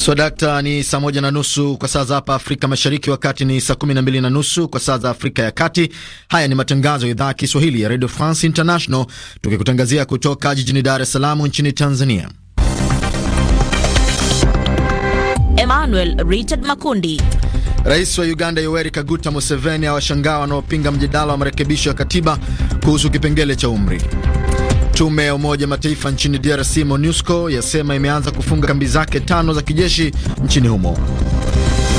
So dakta, ni saa moja na nusu kwa saa za hapa Afrika Mashariki, wakati ni saa kumi na mbili na nusu kwa saa za Afrika ya Kati. Haya ni matangazo ya idhaa ya Kiswahili ya Radio France International, tukikutangazia kutoka jijini Dar es Salaam nchini Tanzania. Emmanuel Richard Makundi. Rais wa Uganda Yoweri Kaguta Museveni awashangaa wanaopinga mjadala wa marekebisho ya katiba kuhusu kipengele cha umri. Tume ya Umoja Mataifa nchini DRC MONUSCO yasema imeanza kufunga kambi zake tano za kijeshi nchini humo.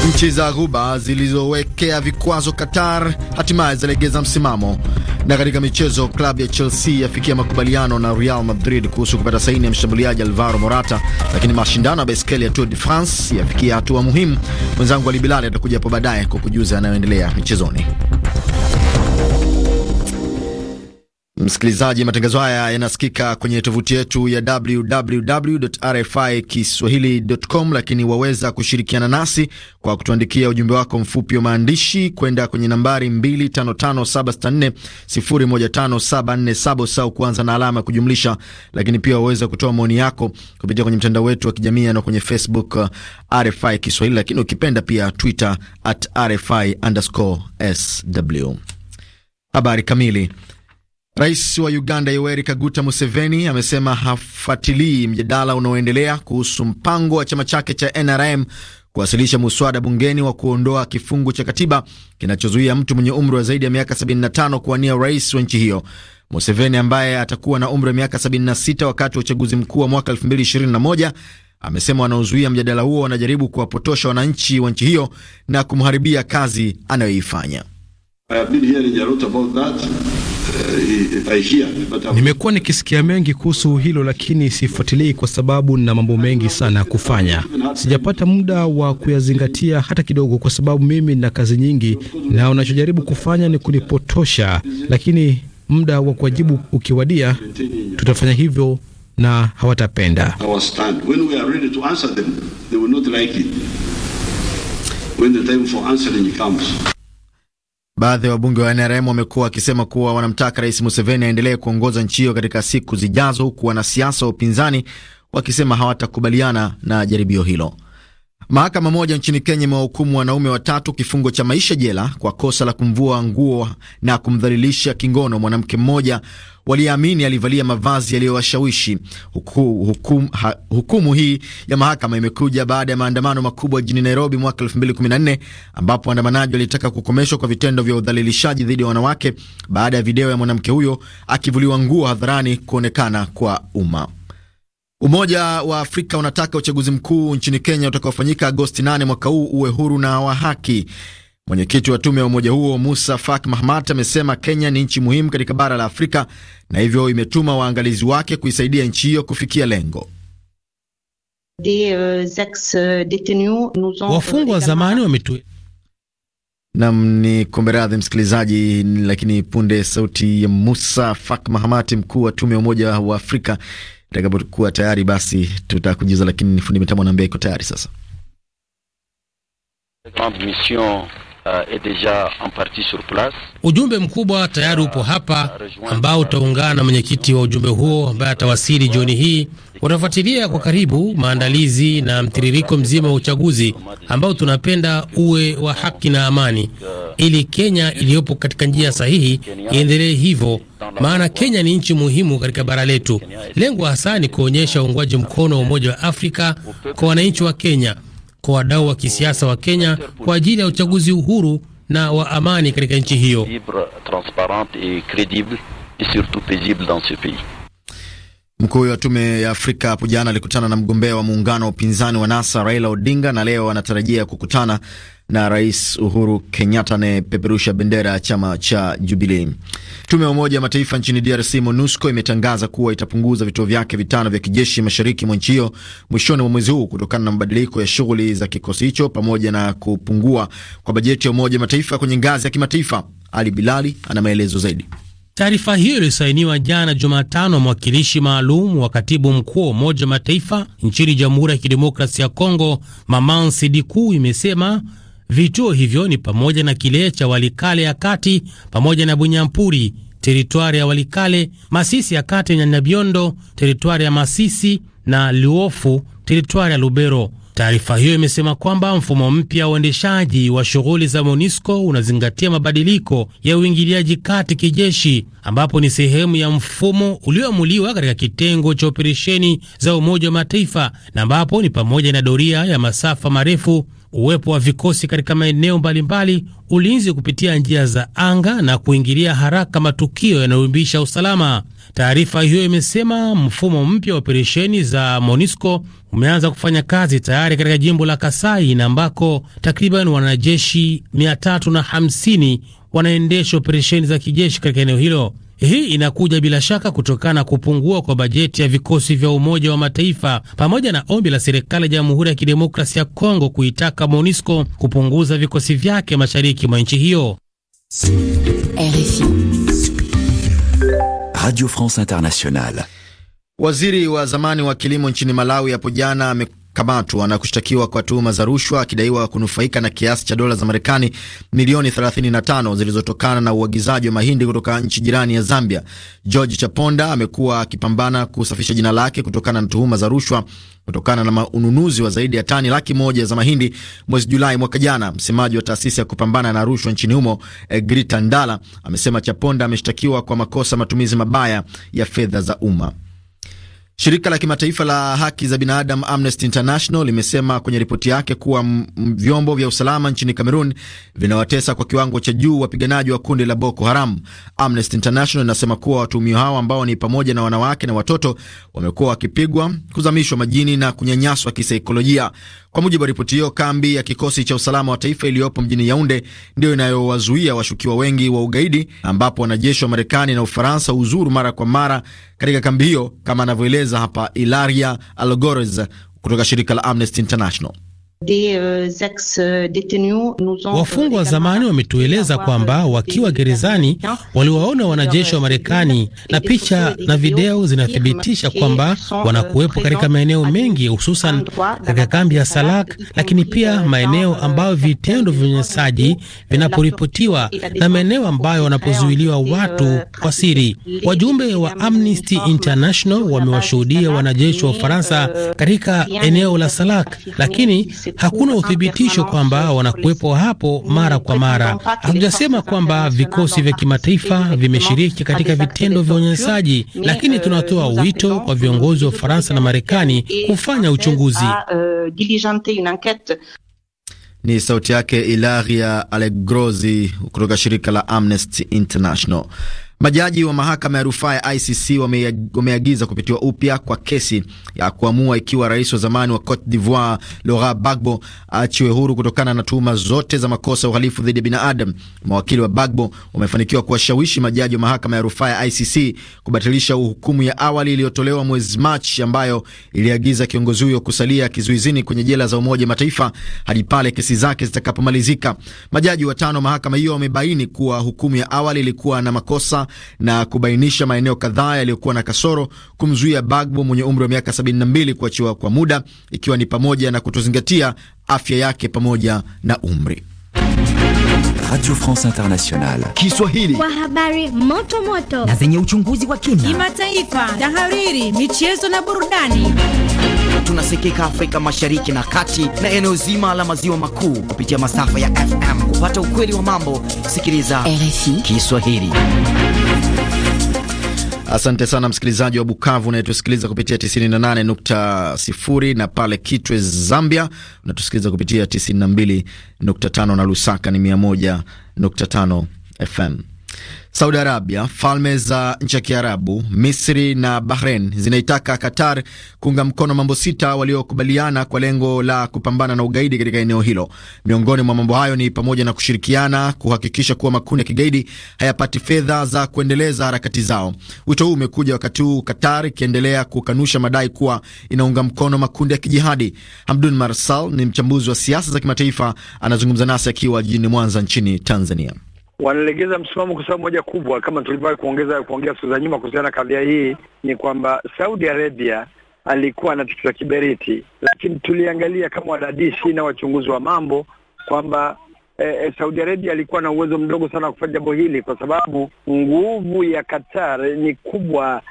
Nchi za Ghuba zilizowekea vikwazo Qatar hatimaye zalegeza msimamo. Na katika michezo, klabu ya Chelsea yafikia makubaliano na Real Madrid kuhusu kupata saini ya mshambuliaji Alvaro Morata. Lakini mashindano ya baiskeli ya Tour de France yafikia hatua muhimu. Mwenzangu Ali Bilali atakuja hapo baadaye kwa kujuza yanayoendelea michezoni. Msikilizaji, matangazo haya yanasikika kwenye tovuti yetu ya www.rfikiswahili.com, lakini waweza kushirikiana nasi kwa kutuandikia ujumbe wako mfupi wa maandishi kwenda kwenye nambari 255764015747 sau kuanza na alama ya kujumlisha. Lakini pia waweza kutoa maoni yako kupitia kwenye mtandao wetu wa kijamii na kwenye Facebook uh, RFI Kiswahili, lakini ukipenda pia Twitter at RFI underscore sw. Habari kamili Rais wa Uganda Yoweri Kaguta Museveni amesema hafuatilii mjadala unaoendelea kuhusu mpango wa chama chake cha NRM kuwasilisha muswada bungeni wa kuondoa kifungu cha katiba kinachozuia mtu mwenye umri wa zaidi ya miaka 75 kuwania urais wa nchi hiyo. Museveni ambaye atakuwa na umri wa miaka 76 wakati wa uchaguzi mkuu wa mwaka 2021 amesema wanaozuia mjadala huo wanajaribu kuwapotosha wananchi wa nchi hiyo na kumharibia kazi anayoifanya. Uh, Nimekuwa nikisikia mengi kuhusu hilo, lakini sifuatilii kwa sababu na mambo mengi sana ya kufanya. Sijapata muda wa kuyazingatia hata kidogo, kwa sababu mimi na kazi nyingi, na unachojaribu kufanya ni kunipotosha. Lakini muda wa kuwajibu ukiwadia, tutafanya hivyo na hawatapenda. Baadhi ya wabunge wa NRM wamekuwa wakisema kuwa wanamtaka Rais Museveni aendelee kuongoza nchi hiyo katika siku zijazo, huku wanasiasa wa upinzani wakisema hawatakubaliana na jaribio hilo. Mahakama moja nchini Kenya imewahukumu wanaume watatu kifungo cha maisha jela kwa kosa la kumvua nguo na kumdhalilisha kingono mwanamke mmoja waliyeamini alivalia mavazi yaliyowashawishi. Huku, hukum, hukumu hii ya mahakama imekuja baada ya maandamano makubwa jijini Nairobi mwaka 2014 ambapo waandamanaji walitaka kukomeshwa kwa vitendo vya udhalilishaji dhidi ya wanawake baada ya video ya mwanamke huyo akivuliwa nguo hadharani kuonekana kwa umma. Umoja wa Afrika unataka uchaguzi mkuu nchini Kenya utakaofanyika Agosti 8 mwaka huu uwe huru na wa haki. Mwenyekiti wa tume ya umoja huo Musa Faki Mahamat amesema Kenya ni nchi muhimu katika bara la Afrika na hivyo imetuma waangalizi wake kuisaidia nchi hiyo kufikia lengo. Wafungwa wa zamani wametu nam ni kombe radhi msikilizaji, lakini punde sauti ya Musa Faki Mahamat, mkuu wa tume ya umoja wa Afrika Itakapokuwa tayari basi tutakujuza, lakini fundi mitambo anaambia iko tayari sasa. Uh, est déjà en partie sur place. Ujumbe mkubwa tayari upo hapa ambao utaungana na mwenyekiti wa ujumbe huo ambaye atawasili jioni hii. Watafuatilia kwa karibu maandalizi na mtiririko mzima wa uchaguzi ambao tunapenda uwe wa haki na amani, ili Kenya iliyopo katika njia sahihi iendelee hivyo, maana Kenya ni nchi muhimu katika bara letu. Lengo hasa ni kuonyesha uungwaji mkono wa Umoja wa Afrika kwa wananchi wa Kenya kwa wadau wa kisiasa wa Kenya kwa ajili ya uchaguzi uhuru na wa amani katika nchi hiyo. Mkuu wa tume ya Afrika hapo jana alikutana na mgombea wa muungano wa upinzani wa NASA Raila Odinga, na leo anatarajia kukutana na Rais Uhuru Kenyatta anayepeperusha bendera ya chama cha Jubilee. Tume ya Umoja wa Mataifa nchini DRC, MONUSCO, imetangaza kuwa itapunguza vituo vyake vitano vya kijeshi mashariki mwa nchi hiyo mwishoni mwa mwezi huu kutokana na mabadiliko ya shughuli za kikosi hicho pamoja na kupungua kwa bajeti ya Umoja wa Mataifa kwenye ngazi ya kimataifa. Ali Bilali ana maelezo zaidi. Taarifa hiyo ilisainiwa jana Jumatano mwakilishi maalum wa katibu mkuu wa Umoja wa Mataifa nchini Jamhuri ya kidemokrasi ya Kongo, Maman Sidiku, imesema vituo hivyo ni pamoja na kile cha Walikale ya kati pamoja na Bunyampuri teritwari ya Walikale, Masisi ya kati na Nyabiondo teritwari ya Masisi na Luofu teritwari ya Lubero. Taarifa hiyo imesema kwamba mfumo mpya wa uendeshaji wa shughuli za MONUSCO unazingatia mabadiliko ya uingiliaji kati kijeshi, ambapo ni sehemu ya mfumo ulioamuliwa katika kitengo cha operesheni za Umoja wa Mataifa, na ambapo ni pamoja na doria ya masafa marefu uwepo wa vikosi katika maeneo mbalimbali, ulinzi kupitia njia za anga na kuingilia haraka matukio yanayoumbisha usalama. Taarifa hiyo imesema mfumo mpya wa operesheni za MONUSCO umeanza kufanya kazi tayari katika jimbo la Kasai na ambako takriban wanajeshi 350 wanaendesha operesheni za kijeshi katika eneo hilo. Hii inakuja bila shaka kutokana na kupungua kwa bajeti ya vikosi vya Umoja wa Mataifa pamoja na ombi la serikali ya Jamhuri ya Kidemokrasia ya Kongo kuitaka MONUSCO kupunguza vikosi vyake mashariki mwa nchi hiyo. RFI Radio France Internationale. Waziri wa zamani wa kilimo nchini Malawi hapo jana kamatwa na kushtakiwa kwa tuhuma za rushwa akidaiwa kunufaika na kiasi cha dola za Marekani milioni 35 zilizotokana na uagizaji wa mahindi kutoka nchi jirani ya Zambia. George Chaponda amekuwa akipambana kusafisha jina lake kutokana na tuhuma za rushwa kutokana na ununuzi wa zaidi ya tani laki moja za mahindi mwezi Julai mwaka jana. Msemaji wa taasisi ya kupambana na rushwa nchini humo eh, Grita Ndala amesema Chaponda ameshtakiwa kwa makosa matumizi mabaya ya fedha za umma. Shirika la kimataifa la haki za binadamu Amnesty International limesema kwenye ripoti yake kuwa vyombo vya usalama nchini Cameroon vinawatesa kwa kiwango cha juu wapiganaji wa kundi la Boko Haram. Amnesty International inasema kuwa watuhumiwa hao ambao ni pamoja na wanawake na watoto wamekuwa wakipigwa, kuzamishwa majini na kunyanyaswa kisaikolojia. Kwa mujibu wa ripoti hiyo, kambi ya kikosi cha usalama wa taifa iliyopo mjini Yaunde ndiyo inayowazuia washukiwa wengi wa ugaidi, ambapo wanajeshi wa Marekani na Ufaransa huzuru mara kwa mara katika kambi hiyo, kama anavyoeleza Uingereza hapa Ilaria Alogorez kutoka shirika la Amnesty International. Euh, Wafungwa wa zamani wametueleza kwamba wakiwa gerezani waliwaona wanajeshi wa Marekani, na picha na video zinathibitisha kwamba euh, wanakuwepo katika maeneo mengi, hususan katika kambi ya Salak, lakini pia euh, maeneo ambayo vitendo vya unyanyasaji vinaporipotiwa na maeneo ambayo wanapozuiliwa watu kwa siri. Wajumbe wa Amnesty International wamewashuhudia wanajeshi wa Ufaransa katika eneo la Salak, lakini hakuna uthibitisho kwamba wanakuwepo hapo mara kwa mara. Hatujasema kwamba vikosi vya kimataifa vimeshiriki katika vitendo vya unyanyasaji, lakini tunatoa wito kwa viongozi wa Ufaransa na Marekani kufanya uchunguzi. Ni sauti yake Ilaria Alegrozi kutoka shirika la Amnesty International. Majaji wa mahakama ya rufaa ya ICC wameagiza kupitiwa upya kwa kesi ya kuamua ikiwa rais wa zamani wa Cote d'Ivoire Laurent Gbagbo achiwe huru kutokana na tuhuma zote za makosa ya uhalifu dhidi ya binadamu. Mawakili wa Gbagbo wamefanikiwa kuwashawishi majaji wa mahakama ya rufaa ya ICC kubatilisha hukumu ya awali iliyotolewa mwezi Machi ambayo iliagiza kiongozi huyo kusalia kizuizini kwenye jela za Umoja Mataifa hadi pale kesi zake zitakapomalizika. Majaji watano mahakama hiyo wamebaini kuwa hukumu ya awali ilikuwa na makosa na kubainisha maeneo kadhaa yaliyokuwa na kasoro, kumzuia Bagbo mwenye umri wa miaka 72 kuachiwa kwa muda, ikiwa ni pamoja na kutozingatia afya yake pamoja na umri. Radio France Internationale Kiswahili kwa habari moto moto na zenye uchunguzi wa kina, kimataifa, tahariri, michezo na burudani. Tunasikika Afrika Mashariki na Kati na eneo zima la maziwa makuu kupitia masafa ya FM. Kupata ukweli wa mambo, sikiliza RFI Kiswahili. Asante sana msikilizaji wa Bukavu unayetusikiliza kupitia 98.0 na pale Kitwe Zambia unatusikiliza kupitia 92.5 na Lusaka ni 100.5 FM. Saudi Arabia, Falme za nchi ya Kiarabu, Misri na Bahrain zinaitaka Qatar kuunga mkono mambo sita waliokubaliana kwa lengo la kupambana na ugaidi katika eneo hilo. Miongoni mwa mambo hayo ni pamoja na kushirikiana kuhakikisha kuwa makundi ya kigaidi hayapati fedha za kuendeleza harakati zao. Wito huu umekuja wakati huu Qatar ikiendelea kukanusha madai kuwa inaunga mkono makundi ya kijihadi. Hamdun Marsal ni mchambuzi wa siasa za kimataifa, anazungumza nasi akiwa jijini Mwanza nchini Tanzania wanalegeza msimamo kwa sababu moja kubwa, kama tulivyowahi kuongeza kuongea siku za nyuma kuhusiana na kadhia hii, ni kwamba Saudi Arabia alikuwa anatikisa kiberiti, lakini tuliangalia kama wadadisi na wachunguzi wa mambo kwamba eh, Saudi Arabia alikuwa na uwezo mdogo sana wa kufanya jambo hili kwa sababu nguvu ya Qatar ni kubwa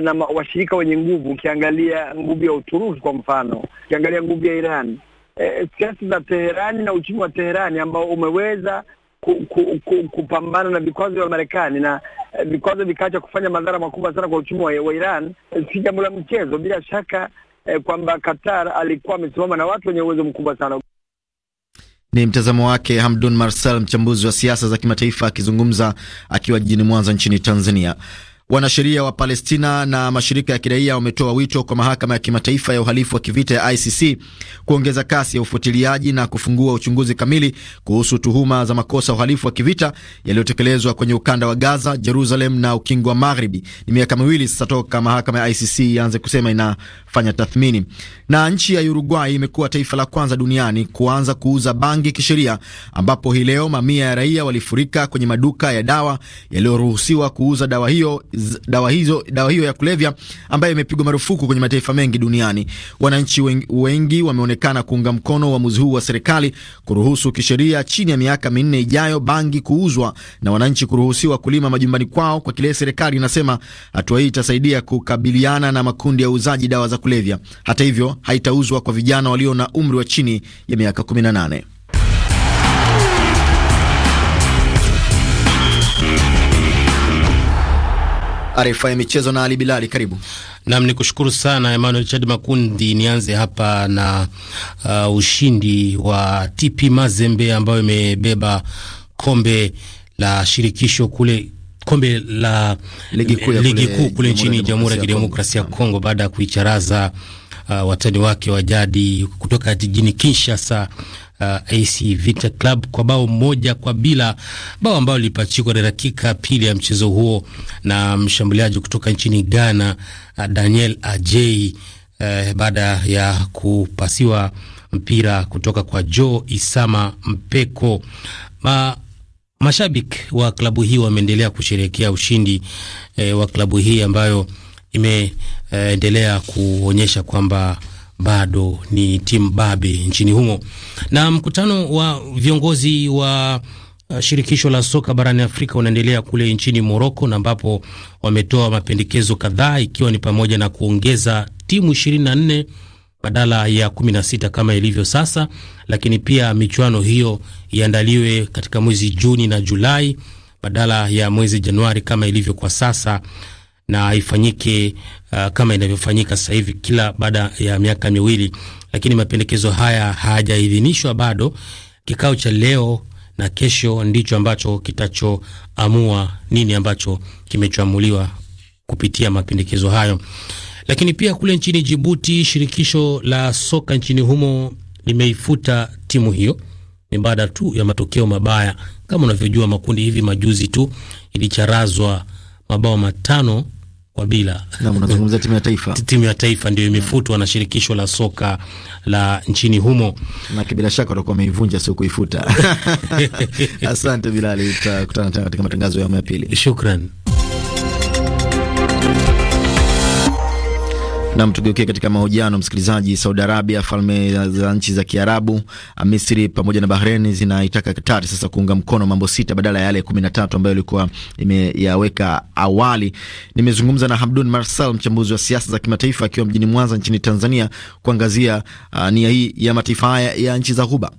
na washirika wenye nguvu. Ukiangalia nguvu ya Uturuki kwa mfano, ukiangalia nguvu ya Iran, e, siasa e, za Teherani na uchumi wa Teherani ambao umeweza ku, ku, ku, kupambana na vikwazo vya Marekani na eh, vikwazo vikaacha kufanya madhara makubwa sana kwa uchumi wa Iran, eh, si jambo la mchezo bila shaka eh, kwamba Qatar alikuwa amesimama na watu wenye uwezo mkubwa sana. Ni mtazamo wake Hamdun Marsal, mchambuzi wa siasa za kimataifa, akizungumza akiwa jijini Mwanza nchini Tanzania. Wanasheria wa Palestina na mashirika ya kiraia wametoa wito kwa mahakama ya kimataifa ya uhalifu wa kivita ya ICC kuongeza kasi ya ufuatiliaji na kufungua uchunguzi kamili kuhusu tuhuma za makosa ya uhalifu wa kivita yaliyotekelezwa kwenye ukanda wa Gaza, Jerusalem na ukingo wa Magharibi. Ni miaka miwili sasa toka mahakama ya ICC ianze kusema inafanya tathmini. Na nchi ya Uruguay imekuwa taifa la kwanza duniani kuanza kuuza bangi kisheria, ambapo hii leo mamia ya raia walifurika kwenye maduka ya dawa yaliyoruhusiwa kuuza dawa hiyo dawa hizo, dawa hiyo ya kulevya ambayo imepigwa marufuku kwenye mataifa mengi duniani. Wananchi wengi, wengi wameonekana kuunga mkono uamuzi huu wa serikali kuruhusu kisheria chini ya miaka minne ijayo bangi kuuzwa na wananchi kuruhusiwa kulima majumbani kwao kwa kile serikali inasema hatua hii itasaidia kukabiliana na makundi ya uuzaji dawa za kulevya. Hata hivyo, haitauzwa kwa vijana walio na umri wa chini ya miaka 18. RFI ya michezo na Ali Bilali, karibu. Nam ni kushukuru sana Emmanuel Chad Makundi. Nianze hapa na uh, ushindi wa TP Mazembe ambayo imebeba kombe la shirikisho kule kombe la ligi kuu kule, kule nchini Jamhuri ya Kidemokrasia ya Kongo baada ya kuicharaza uh, watani wake wa jadi kutoka jijini Kinshasa uh, AC Vita Club kwa bao moja kwa bila, bao ambayo lilipachikwa na dakika pili ya mchezo huo na mshambuliaji kutoka nchini Ghana uh, Daniel aj uh, baada ya kupasiwa mpira kutoka kwa Joe Isama Mpeko Ma, mashabiki wa klabu hii wameendelea kusherehekea ushindi eh, wa klabu hii ambayo imeendelea kuonyesha kwamba bado ni timu babe nchini humo. Na mkutano wa viongozi wa uh, shirikisho la soka barani Afrika unaendelea kule nchini Moroko, na ambapo wametoa mapendekezo kadhaa ikiwa ni pamoja na kuongeza timu 24 badala ya 16 kama ilivyo sasa, lakini pia michuano hiyo iandaliwe katika mwezi Juni na Julai badala ya mwezi Januari kama ilivyo kwa sasa na ifanyike uh, kama inavyofanyika sasa hivi kila baada ya miaka miwili, lakini mapendekezo haya hayajaidhinishwa bado. Kikao cha leo na kesho ndicho ambacho kitachoamua nini ambacho kimechamuliwa kupitia mapendekezo hayo. Lakini pia kule nchini Jibuti, shirikisho la soka nchini humo limeifuta timu hiyo ni baada tu ya matokeo mabaya. Kama unavyojua makundi hivi, majuzi tu ilicharazwa mabao matano Wabila, mnazungumzia timu ya taifa. Timu ya taifa ndio imefutwa na shirikisho la soka la nchini humo, na bila shaka watakuwa wameivunja, sio kuifuta. Asante Bilali, tutakutana tena katika matangazo ya pili Shukran. Nam, tugeukie katika mahojiano msikilizaji. Saudi Arabia, falme za nchi za Kiarabu, Misri pamoja na Bahrain zinaitaka Katari sasa kuunga mkono mambo sita badala ya yale kumi na tatu ambayo ilikuwa imeyaweka awali. Nimezungumza na Hamdun Marsal, mchambuzi wa siasa za kimataifa, akiwa mjini Mwanza nchini Tanzania, kuangazia uh, nia hii ya mataifa haya ya nchi za Ghuba.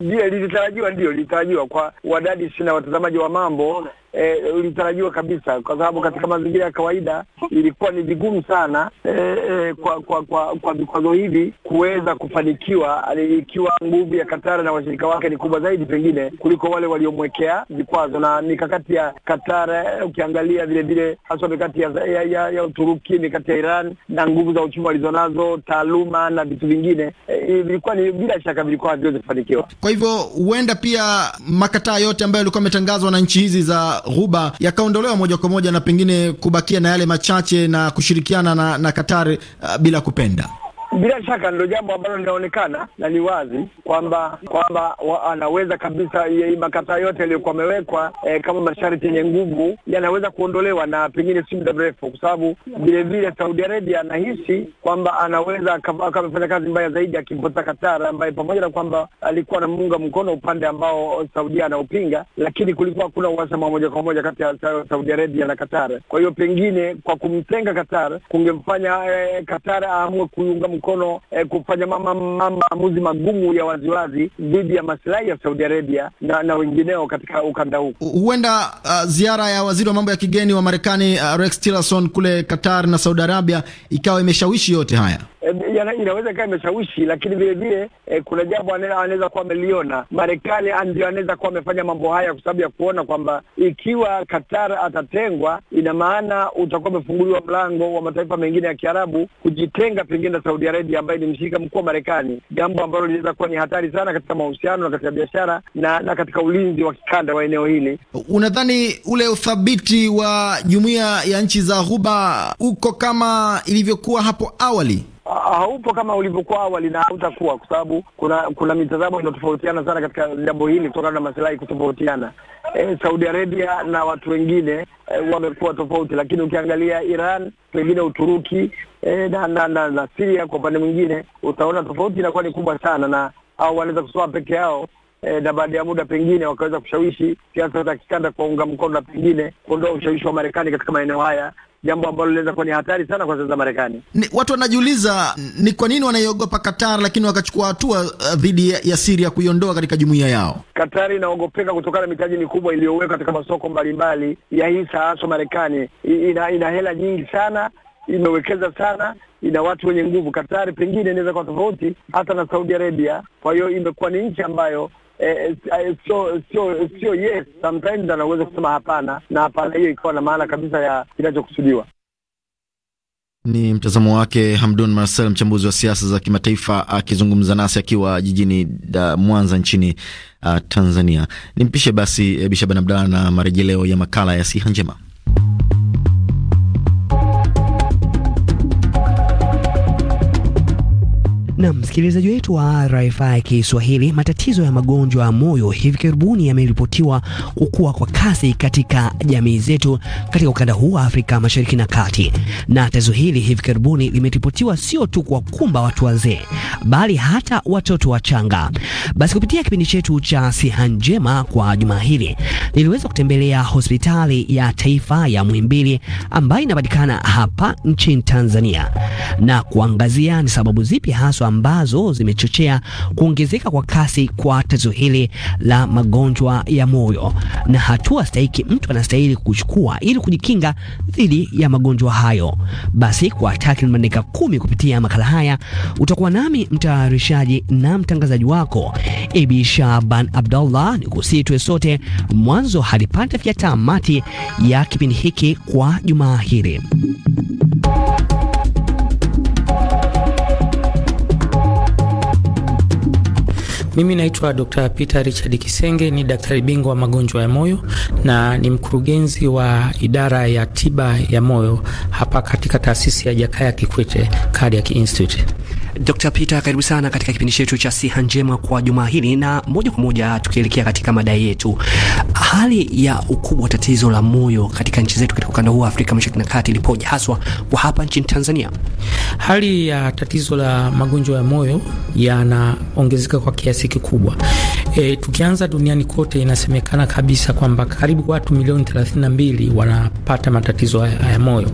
Ndio, lilitarajiwa, ndio lilitarajiwa kwa wadadisi na watazamaji wa mambo eh, ulitarajiwa kabisa, kwa sababu katika mazingira ya kawaida ilikuwa ni vigumu sana eh, eh, kwa kwa kwa kwa vikwazo hivi kuweza kufanikiwa, ikiwa nguvu ya katara na washirika wake ni kubwa zaidi pengine kuliko wale waliomwekea vikwazo. Na mikakati ya katara eh, ukiangalia vile vile, haswa mikakati ya, ya, ya, ya Uturuki, mikakati ya Iran na nguvu za uchumi walizonazo, taaluma na vitu vingine eh, vilikuwa ni bila shaka vilikuwa haviwezi kufanikiwa. Kwa hivyo huenda pia makataa yote ambayo yalikuwa yametangazwa na nchi hizi za ruba yakaondolewa moja kwa moja na pengine kubakia na yale machache na kushirikiana na, na Katari uh, bila kupenda bila shaka ndio jambo ambalo linaonekana na ni wazi kwamba kwamba anaweza kabisa makataa yote yaliyokuwa amewekwa eh, kama masharti yenye nguvu yanaweza kuondolewa na pengine si muda mrefu, kwa sababu vilevile Saudi Arabia anahisi kwamba anaweza akamefanya kazi mbaya zaidi akimpoteza katar ambaye pamoja na kwamba alikuwa anamuunga mkono upande ambao Saudia anaupinga, lakini kulikuwa hakuna uhasama moja kwa moja kati ya Saudi Arabia na katar Kwa hiyo pengine kwa kumtenga katar kungemfanya eh, Qatar aamue kuiunga mkono eh, kufanya maamuzi magumu ya waziwazi dhidi ya masilahi ya Saudi Arabia na, na wengineo katika ukanda huu. Huenda uh, ziara ya waziri wa mambo ya kigeni wa Marekani uh, Rex Tillerson kule Qatar na Saudi Arabia ikawa imeshawishi yote haya. Eh, inaweza ikawa imeshawishi, lakini vile vile e, kuna jambo anaweza kuwa ameliona Marekani, ndio anaweza kuwa amefanya mambo haya kwa sababu ya kuona kwamba ikiwa Qatar atatengwa, ina maana utakuwa umefunguliwa mlango wa mataifa mengine ya Kiarabu kujitenga pengine na Saudi Arabia ambaye ni mshirika mkuu wa Marekani, jambo ambalo linaweza kuwa ni hatari sana katika mahusiano na katika biashara na, na katika ulinzi wa kikanda wa eneo hili. Unadhani ule uthabiti wa jumuiya ya nchi za Ghuba uko kama ilivyokuwa hapo awali? haupo kama ulivyokuwa awali na hautakuwa kwa sababu kuna kuna mitazamo inayotofautiana sana katika jambo hili kutokana na masilahi kutofautiana. E, Saudi Arabia na watu wengine e, wamekuwa tofauti, lakini ukiangalia Iran pengine Uturuki e, na, na, na, na Siria kwa upande mwingine utaona tofauti inakuwa ni kubwa sana, na au wanaweza kusoma peke yao e, na baada ya muda pengine wakaweza kushawishi siasa za kikanda kwa unga mkono na pengine kuondoa ushawishi wa Marekani katika maeneo haya jambo ambalo linaweza kuwa ni hatari sana kwa sasa Marekani. Watu wanajiuliza ni kwa nini wanaiogopa Qatar, lakini wakachukua hatua uh, dhidi ya Siria kuiondoa katika jumuiya yao. Qatar inaogopeka kutokana na mitaji mikubwa iliyowekwa katika masoko mbalimbali ya hisa, hasa Marekani ina, ina hela nyingi sana imewekeza sana ina watu wenye nguvu. Katari pengine inaweza kuwa tofauti hata na Saudi Arabia. Kwa hiyo imekuwa ni nchi ambayo Eh, eh, eh, sio yes, sometimes anaweza kusema hapana, na hapana hiyo ikawa na maana kabisa ya kinachokusudiwa. Ni mtazamo wake Hamdun Marcel, mchambuzi wa siasa za kimataifa akizungumza nasi akiwa jijini da Mwanza nchini uh, Tanzania. Nimpishe basi bishaban Ban Abdalla na marejeleo ya makala ya siha njema. Na msikilizaji wetu wa RFI Kiswahili, matatizo ya magonjwa ya moyo hivi karibuni yameripotiwa kukua kwa kasi katika jamii zetu katika ukanda huu wa Afrika Mashariki na Kati, na tatizo hili hivi karibuni limeripotiwa sio tu kwa kumba watu wazee, bali hata watoto wachanga. Basi kupitia kipindi chetu cha Siha Njema kwa juma hili niliweza kutembelea hospitali ya taifa ya Muhimbili ambayo inapatikana hapa nchini Tanzania na kuangazia ni sababu zipi haswa ambazo zimechochea kuongezeka kwa kasi kwa tatizo hili la magonjwa ya moyo na hatua stahiki mtu anastahili kuchukua ili kujikinga dhidi ya magonjwa hayo. Basi kwa takriban dakika kumi kupitia makala haya utakuwa nami mtayarishaji na mtangazaji wako Ibi Shaban Abdullah, ni kusitwe sote mwanzo hadi pande fya tamati ya kipindi hiki kwa jumaa hili. Mimi naitwa Dr. Peter Richard Kisenge, ni daktari bingwa wa magonjwa ya moyo na ni mkurugenzi wa idara ya tiba ya moyo hapa katika taasisi ya Jakaya Kikwete Cardiac Institute. Dr. Peter, karibu sana katika kipindi chetu cha Siha Njema kwa juma hili, na moja kwa moja tukielekea katika mada yetu, hali ya ukubwa wa tatizo la moyo katika nchi zetu katika ukanda huu wa Afrika Mashariki na Kati ilipoje, haswa kwa hapa nchini Tanzania? Hali ya tatizo la magonjwa ya moyo yanaongezeka kwa kiasi kikubwa. E, tukianza duniani kote, inasemekana kabisa kwamba karibu watu milioni 32 wanapata matatizo ya moyo.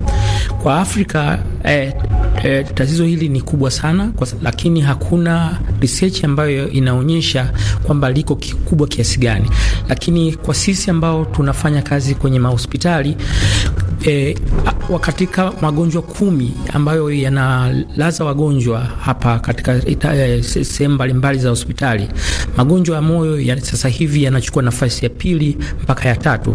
Kwa Afrika e, e, tatizo hili ni kubwa sana kwa, lakini hakuna research ambayo inaonyesha kwamba liko kikubwa kiasi gani. Lakini kwa sisi ambao tunafanya kazi kwenye mahospitali e, wakatika magonjwa kumi ambayo yanalaza wagonjwa hapa katika e, sehemu mbalimbali za hospitali, magonjwa ya moyo ya sasa hivi yanachukua nafasi ya pili mpaka ya tatu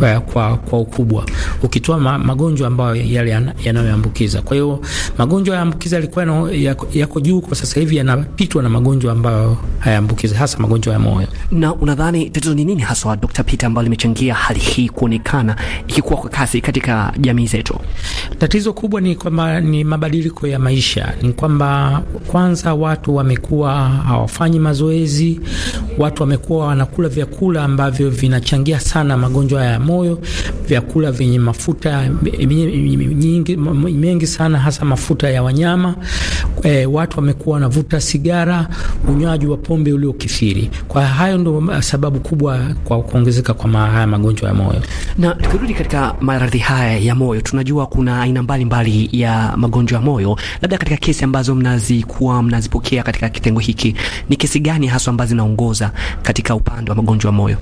kwa, kwa, kwa ukubwa ukitoa ma, magonjwa ambayo yale yanayoambukiza. Kwa hiyo magonjwa ya ambukiza yalikuwa yako, yako juu, kwa sasa hivi yanapitwa na magonjwa ambayo hayaambukiza, hasa magonjwa ya moyo. Na unadhani tatizo ni nini haswa, Dr. Peter, ambayo limechangia hali hii kuonekana ikikuwa kwa kasi kati katika jamii zetu? Tatizo kubwa ni kwamba ni mabadiliko ya maisha, ni kwamba kwanza watu wamekuwa hawafanyi mazoezi, watu wamekuwa wanakula vyakula ambavyo vinachangia sana magonjwa ya moyo, vyakula vyenye mafuta mengi sana, hasa mafuta ya wanyama. E, watu wamekuwa wanavuta sigara, unywaji wa pombe uliokithiri. Kwa hayo ndo sababu kubwa kwa kuongezeka kwa haya magonjwa ya moyo. Na tukirudi katika maradhi haya ya moyo, tunajua kuna aina mbalimbali ya magonjwa ya moyo. Labda katika kesi ambazo mnazikuwa mnazipokea katika kitengo hiki, ni kesi gani hasa ambazo zinaongoza katika upande wa magonjwa ya moyo?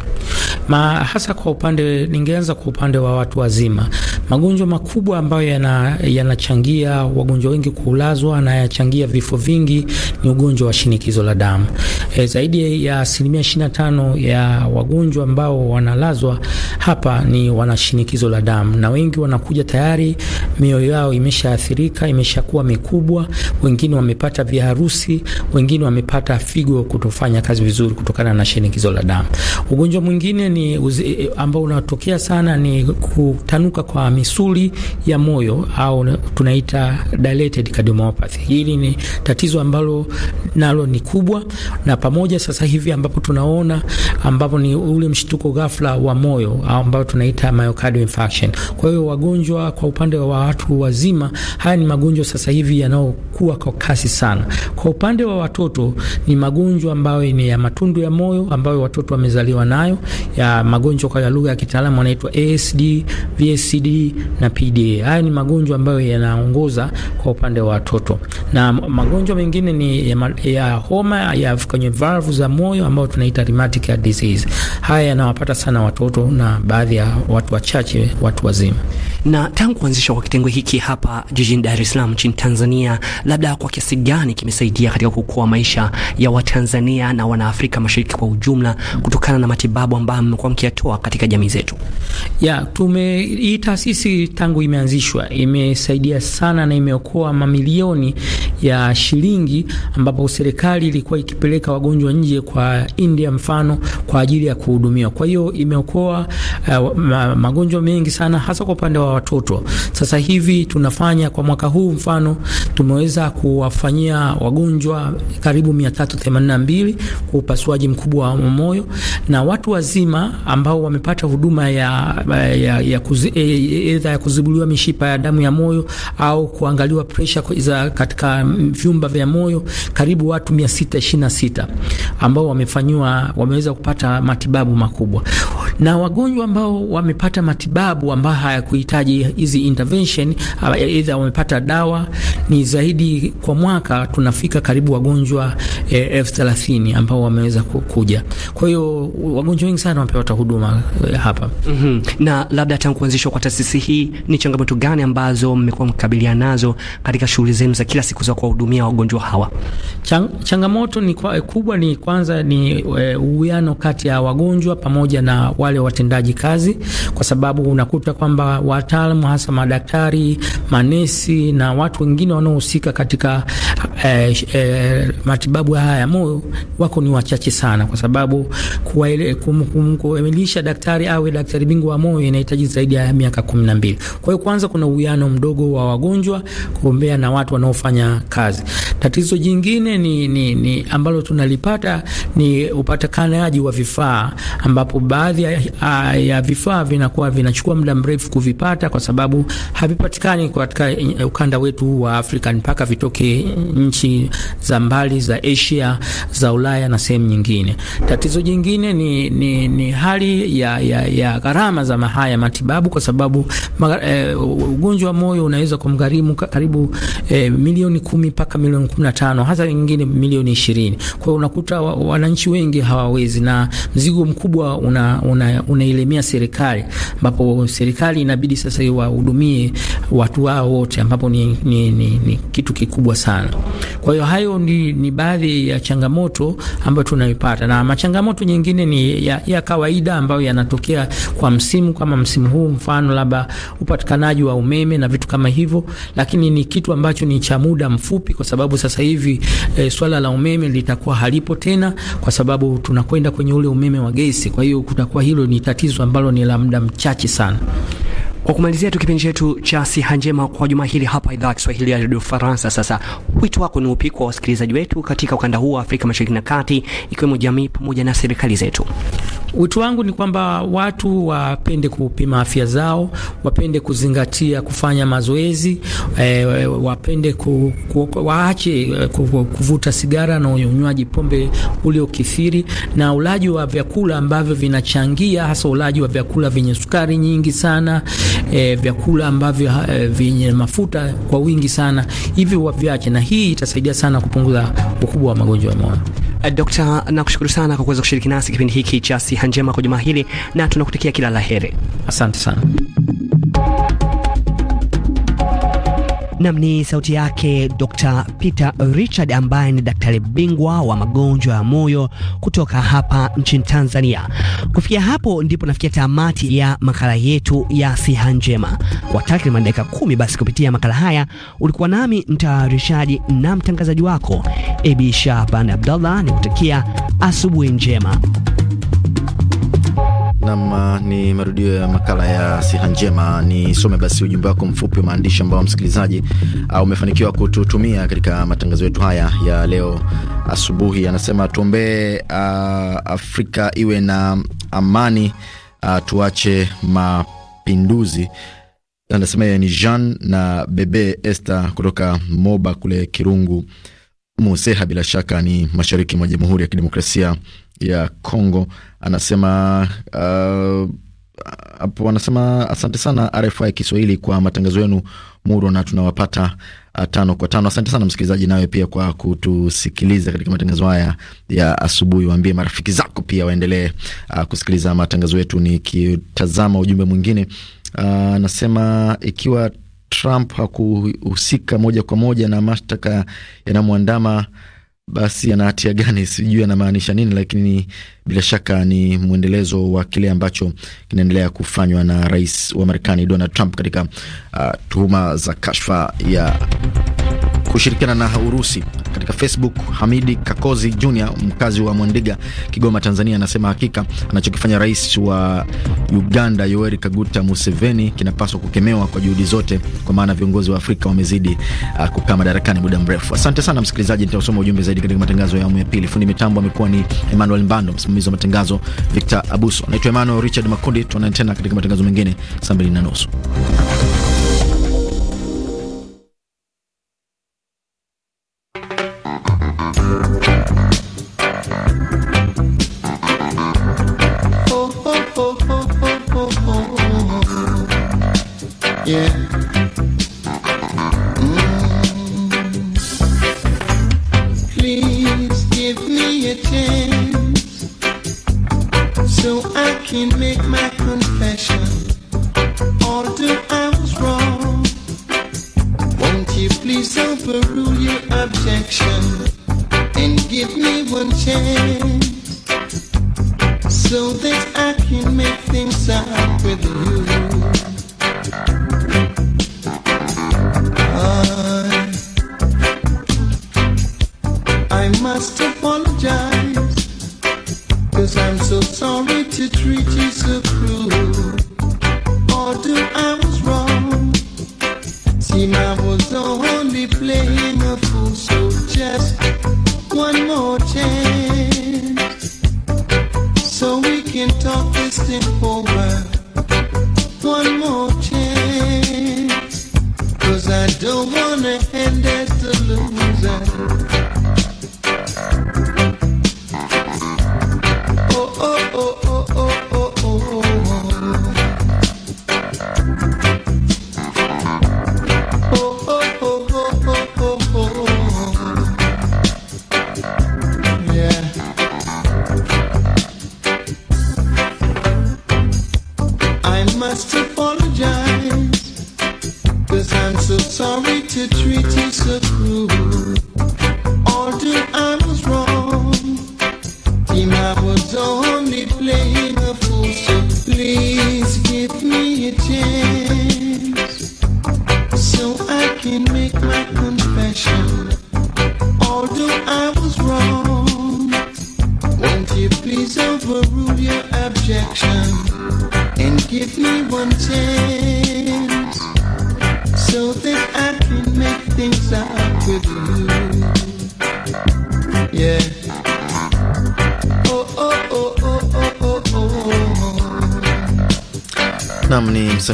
Ma, hasa kwa upande, ningeanza kwa upande wa watu wazima, magonjwa makubwa ambayo yanachangia yana wagonjwa wengi kuulazwa na yachangia vifo vingi ni ugonjwa wa shinikizo la damu. E, zaidi ya asilimia 25 ya wagonjwa ambao wanalazwa hapa ni wana shinikizo la damu na wengi wanakuja tayari mioyo yao imeshaathirika, imeshakuwa mikubwa. Wengine wamepata viharusi, wengine wamepata figo kutofanya kazi vizuri kutokana na shinikizo la damu. Ugonjwa mwingine ni ambao unatokea sana ni kutanuka kwa misuli ya moyo au tunaita dilated cardiomyopathy. Hili ni tatizo ambalo nalo ni kubwa, na pamoja sasa hivi ambapo tunaona ambapo ni ule mshtuko ghafla wa moyo ambao tunaita myocardial infarction. Kwa hiyo wagonjwa, kwa upande wa watu wazima, haya ni magonjwa sasa hivi yanayokuwa kwa kasi sana. Kwa upande wa watoto ni magonjwa ambayo ni ya matundu ya moyo ambayo watoto wamezaliwa nayo, ya magonjwa kwa lugha ya kitaalamu wanaitwa ASD, VSD na PDA. Haya ni magonjwa ambayo yanaongoza kwa upande wa watoto, na magonjwa mengine ni ya, ya homa ya kwenye valvu za moyo ambayo tunaita rheumatic disease. Haya yanawapata sana watoto na baadhi ya watu wachache watu wazima. الرجيم Na tangu kuanzishwa kwa kitengo hiki hapa jijini Dar es Salaam nchini Tanzania, labda kwa kiasi gani kimesaidia katika kuokoa maisha ya Watanzania na Wanaafrika Mashariki kwa ujumla kutokana na matibabu ambayo mmekuwa mkiyatoa katika jamii zetu? Ya, tume hii taasisi tangu imeanzishwa imesaidia sana na imeokoa mamilioni ya shilingi, ambapo serikali ilikuwa ikipeleka wagonjwa nje kwa India mfano kwa ajili ya kuhudumiwa. Kwa hiyo imeokoa uh, magonjwa mengi sana hasa kwa upande wa kwa watoto. Sasa hivi tunafanya kwa mwaka huu, mfano tumeweza kuwafanyia wagonjwa karibu 382 kwa upasuaji mkubwa wa moyo, na watu wazima ambao wamepata huduma ya ya, ya, kuzi, ya, e, ya kuzibuliwa mishipa ya damu ya moyo au kuangaliwa presha katika vyumba vya moyo, karibu watu 626 ambao wamefanywa wameweza kupata matibabu makubwa, na wagonjwa ambao wamepata matibabu ambao hayakuita wanahitaji hizi intervention, aidha uh, wamepata dawa. Ni zaidi kwa mwaka tunafika karibu wagonjwa eh, elfu thelathini ambao wameweza kuja. Kwa hiyo wagonjwa wengi sana wamepata huduma eh, hapa mm -hmm. Na labda tangu kuanzishwa kwa taasisi hii, ni changamoto gani ambazo mmekuwa mkabiliana nazo katika shughuli zenu za kila siku za kuwahudumia wagonjwa hawa? Chang, changamoto ni kwa, kubwa ni kwanza ni eh, uwiano kati ya wagonjwa pamoja na wale watendaji kazi, kwa sababu unakuta kwamba wataalamu hasa madaktari, manesi na watu wengine wanaohusika katika eh, eh, matibabu haya ya moyo wako ni wachache sana, kwa sababu kuelimisha daktari awe daktari bingwa wa moyo inahitaji zaidi ya miaka kumi na mbili. Kwa hiyo kwanza, kuna uwiano mdogo wa wagonjwa kuombea na watu wanaofanya kazi. Tatizo jingine ni, ni, ni ambalo tunalipata ni upatikanaji wa vifaa ambapo baadhi ya, ya vifaa vinakuwa vinachukua muda mrefu kuvipata kuvipata kwa sababu havipatikani katika eh, ukanda wetu wa Afrika, mpaka vitoke eh, nchi za mbali za Asia, za Ulaya na sehemu nyingine. Tatizo jingine ni, ni, ni hali ya, ya, ya gharama za mahaya matibabu kwa sababu eh, ugonjwa wa moyo unaweza kumgharimu karibu eh, milioni kumi mpaka milioni kumi na tano hasa wengine milioni ishirini. Kwa hiyo unakuta wananchi wengi hawawezi na mzigo mkubwa unailemea una, una serikali ambapo serikali inabidi sasa iwahudumie watu wao wote, ambapo ni, ni, ni, ni kitu kikubwa sana. Kwa hiyo hayo ni, ni baadhi ya changamoto ambayo tunaipata, na machangamoto nyingine ni ya, ya kawaida ambayo yanatokea kwa msimu kama msimu huu, mfano labda upatikanaji wa umeme na vitu kama hivyo, lakini ni kitu ambacho ni cha muda mfupi, kwa sababu sasa hivi e, swala la umeme litakuwa halipo tena, kwa sababu tunakwenda kwenye ule umeme wa gesi. Kwa hiyo kutakuwa hilo ni tatizo ambalo ni la muda mchache sana. Kwa kumalizia tu kipindi chetu cha siha njema kwa juma hili hapa idhaa ya Kiswahili ya Radio Faransa, sasa wito wako ni upi kwa wasikilizaji wetu katika ukanda huu wa Afrika Mashariki na Kati, ikiwemo jamii pamoja na serikali zetu? Wito wangu ni kwamba watu wapende kupima afya zao, wapende kuzingatia kufanya mazoezi e, wapende ku, ku, waache eh, ku, kuvuta sigara na unywaji pombe uliokithiri na ulaji wa vyakula ambavyo vinachangia hasa ulaji wa vyakula vyenye sukari nyingi sana e, vyakula ambavyo e, vyenye mafuta kwa wingi sana, hivi waviache, na hii itasaidia sana kupunguza ukubwa wa magonjwa ya moyo. Eh, dokta, nakushukuru sana kwa kuweza kushiriki nasi kipindi hiki cha Siha Njema kwa juma hili, na tunakutakia kila la heri. Asante sana. Nam ni sauti yake Dr. Peter Richard ambaye ni daktari bingwa wa magonjwa ya moyo kutoka hapa nchini Tanzania. Kufikia hapo ndipo nafikia tamati ya makala yetu ya siha njema kwa takriban dakika kumi. Basi kupitia makala haya ulikuwa nami mtayarishaji na mtangazaji wako Abi Shahban Abdallah, nikutakia asubuhi njema. Nam ah, ni marudio ya makala ya siha njema. Nisome basi ujumbe wako mfupi wa maandishi ambao msikilizaji ah, umefanikiwa kututumia katika matangazo yetu haya ya leo asubuhi. Anasema tuombee uh, Afrika iwe na amani, uh, tuache mapinduzi. Anasema yeye ni Jean na Bebe Esther kutoka Moba kule Kirungu Museha bila shaka ni mashariki mwa Jamhuri ya Kidemokrasia ya Kongo. Anasema uh, hapo anasema asante sana RFI Kiswahili kwa matangazo yenu muro na tunawapata uh, tano kwa tano. Asante sana msikilizaji, nawe pia kwa kutusikiliza katika matangazo haya ya asubuhi. Waambie marafiki zako pia waendelee uh, kusikiliza matangazo yetu. Nikitazama ujumbe mwingine uh, anasema uh, ikiwa Trump hakuhusika moja kwa moja na mashtaka yanamwandama, basi ana hatia gani? Sijui anamaanisha nini, lakini bila shaka ni mwendelezo wa kile ambacho kinaendelea kufanywa na rais wa Marekani Donald Trump katika uh, tuhuma za kashfa ya kushirikiana na Urusi. Katika Facebook, Hamidi Kakozi Jr mkazi wa Mwandiga, Kigoma, Tanzania, anasema hakika anachokifanya rais wa Uganda Yoweri Kaguta Museveni kinapaswa kukemewa kwa juhudi zote, kwa maana viongozi wa Afrika wamezidi uh, kukaa madarakani muda mrefu. Asante sana msikilizaji, nitausoma ujumbe zaidi katika matangazo ya awamu ya pili. Fundi mitambo amekuwa ni Emmanuel Mbando, msimamizi wa matangazo Victor Abuso. Naitwa Emmanuel Richard Makundi, tuonane tena katika matangazo mengine saa mbili na nusu. Team I was only playing a fool, so just play.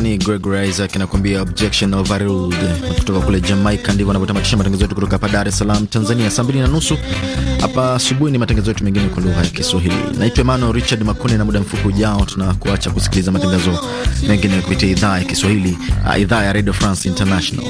msanii Gregory Isaac anakuambia objection overruled kutoka kule Jamaica. Ndivyo anavyotamatisha matangazo yetu kutoka hapa Dar es Salaam, Tanzania. Saa mbili na nusu hapa asubuhi ni matangazo yetu mengine kwa lugha ya Kiswahili. Naitwa Emmanuel Richard makune na muda mfupi ujao tunakuacha kusikiliza matangazo mengine kupitia idhaa ya Kiswahili, uh, idhaa ya Radio France International.